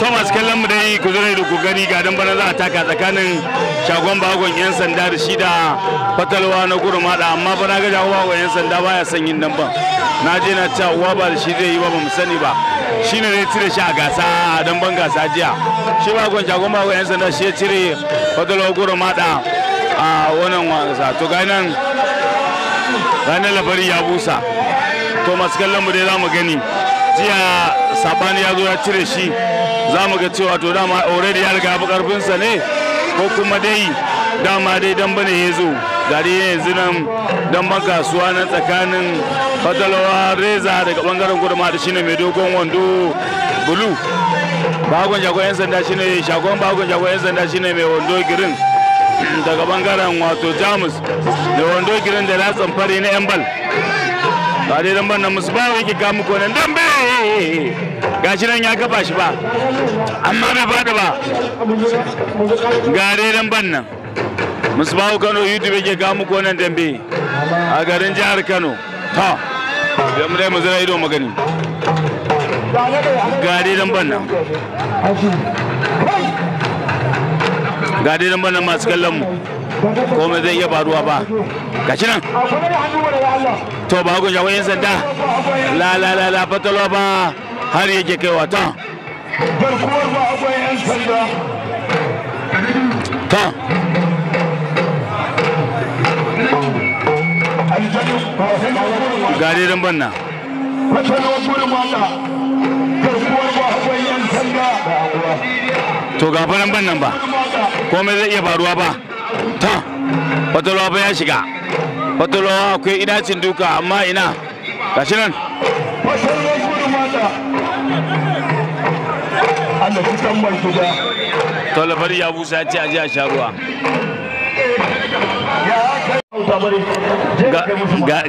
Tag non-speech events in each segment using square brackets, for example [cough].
thomas kallon mu dai ku zure da ku gani ga dan bana za a taka tsakanin shagon bagon yan sanda da shi da fatalwa na da amma bana ga shagon bagon yan sanda baya son yin dan ban na je na cewa uwa ba da shi zai yi ba mu sani ba shine ne cire shi a gasa a dan ban gasa jiya shi bagon shagon bagon yan sanda shi ya cire fatalwa da a wannan wasa to ga nan ranar labari ya busa to masu kallon mu dai za mu gani jiya sabani ya zo ya cire shi za mu ga cewa to dama already ya riga karfinsa ne ko kuma dai dama dai dan bane ya zo gari ne yanzu nan dan ban kasuwa na tsakanin fatalawa reza daga bangaren kudu ma da shine mai dogon wando bulu bagon jagon yan sanda shine shagon bagon jagon yan sanda shine mai wando girin [clears throat] daga bangaren wato jamus da wando girin da latsan fari na yan bal ba dai dan ban nan musu ba yake ga muku nan dambe gashi nan ya kafa shi ba amma bai faɗi ba ga nan ban nan musbahu kano youtube ke ga muku wannan dambe a garin jihar kano ta da mu dai mu zira ido magani ga nan ban nan ga nan ban nan masu kallon mu komai zai iya faruwa ba gashi nan to ba hukun shagon yan sanda la la la la fatalo ba har yake kai wata ta garirin banna to gafaran bannan ba komai zai iya faruwa ba ta fatalo ba ya shiga fatulawa akwai idacin duka amma ina gashi nan tolafari ya busa ce a jiya sha ruwa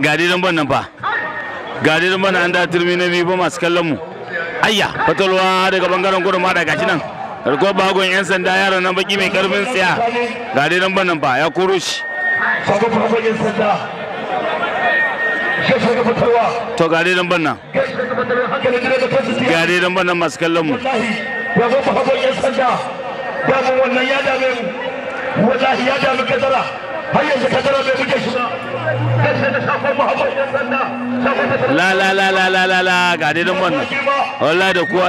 ga didan ban nan fa ga didan ban an da turmi na biyu ba masu kallon mu ayya fatulawa daga bangaren gudun mada gashi nan garkuwar bagon yan sanda yaran nan baki mai karfin tsaya ga didan ban nan fa ya kuro shi shugaba banna yin sanda masu kallon mu damun wannan ya dame mu wallahi ya dame kadara har yanzu kadara bai shi la la la la la la ga dai wallahi da kowa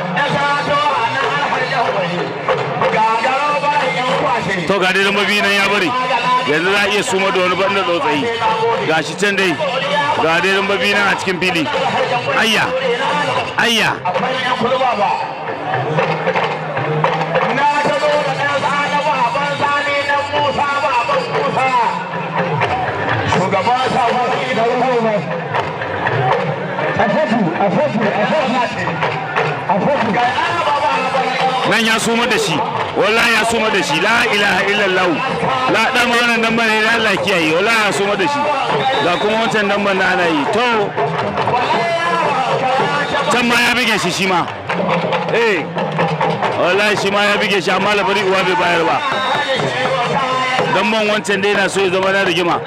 to ga dai mabi nan ya bari yanzu za a iya suma da wani banda tsautsayi ga shi can dai ga dai mabi nan a cikin fili ayya ayya nan ya suma da shi Wala ya suma da shi la ilaha illallah la dan wannan nan bane la Allah kiyaye Wala ya suma da shi ga kuma wancan nan ban ana yi to can ma ya bige shi shi ma eh Wala shi ma ya bige shi amma labari uwa bai bayar ba dan ban wancan dai na so ya zama na rigima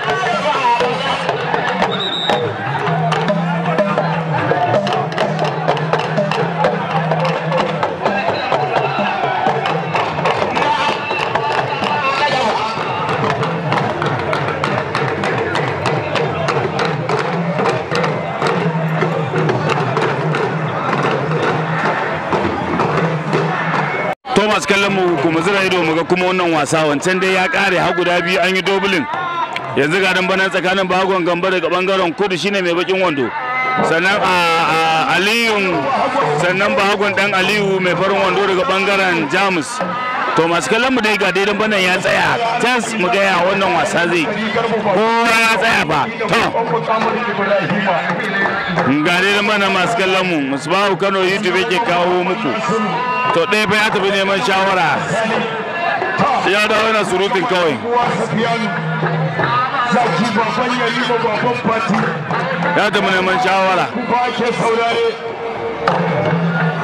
so masu kallon mu kuma zira ido mu ga kuma wannan wasa wancan dai ya kare har guda biyu an yi dobulin yanzu ga dan bana tsakanin bagon gamba daga bangaren kudu shine mai bakin wando sannan a aliyu sannan bagon dan aliyu mai farin wando daga bangaren jamus to masu kallon mu dai ga dan bana ya tsaya chance mu gaya wannan wasa zai ko ya tsaya ba to ga daidan banan masu kallon mu musbahu kano youtube yake kawo muku to ɗaya fa ya tafi neman shawara ya dawo yana surutun kawai ya tafi neman shawara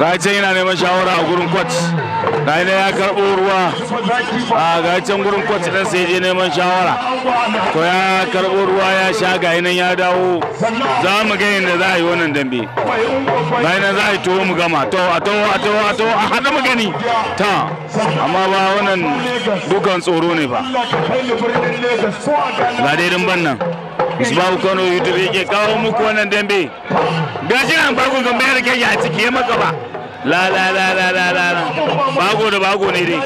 gajen yana neman shawara a gurin kwat na yana ya karɓo ruwa a gajen gurin kwat ɗan sai je neman shawara to ya karɓo ruwa ya sha ga nan ya dawo za mu ga yadda za a yi wannan dambe ga nan za a yi tuwo mu gama to a tuwo a tuwo a tuwo a haɗa mu gani ta amma ba wannan dukan tsoro ne ba ga dai ban nan Isbahu Kano YouTube yake kawo muku wannan dambe. Gashi nan farkon gambayar kenya a ciki ya maka ba. la la la la la la la bago da bago ne dai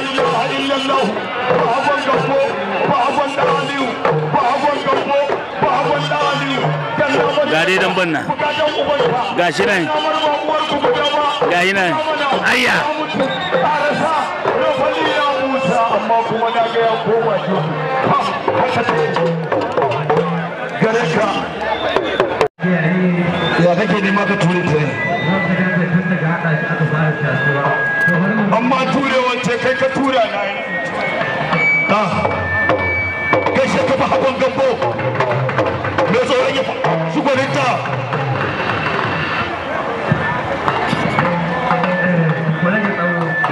ga dai dan banna ga shi nan ga shi nan ayya amma kuma na gaya yan kowa gare ka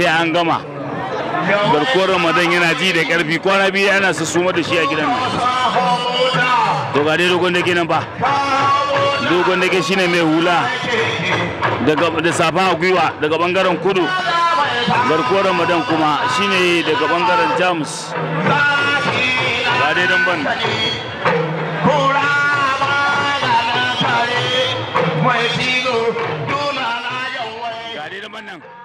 sai an gama garkuwar ramadan yana ji da karfi kwana biyu yana su suma da shi a gidan to ga dai dogon dake nan ba dogon dake shine mai hula da safa a gwiwa daga bangaren kudu garkuwar ramadan kuma shine daga bangaren jamus ga dai dan ban mai ga ban nan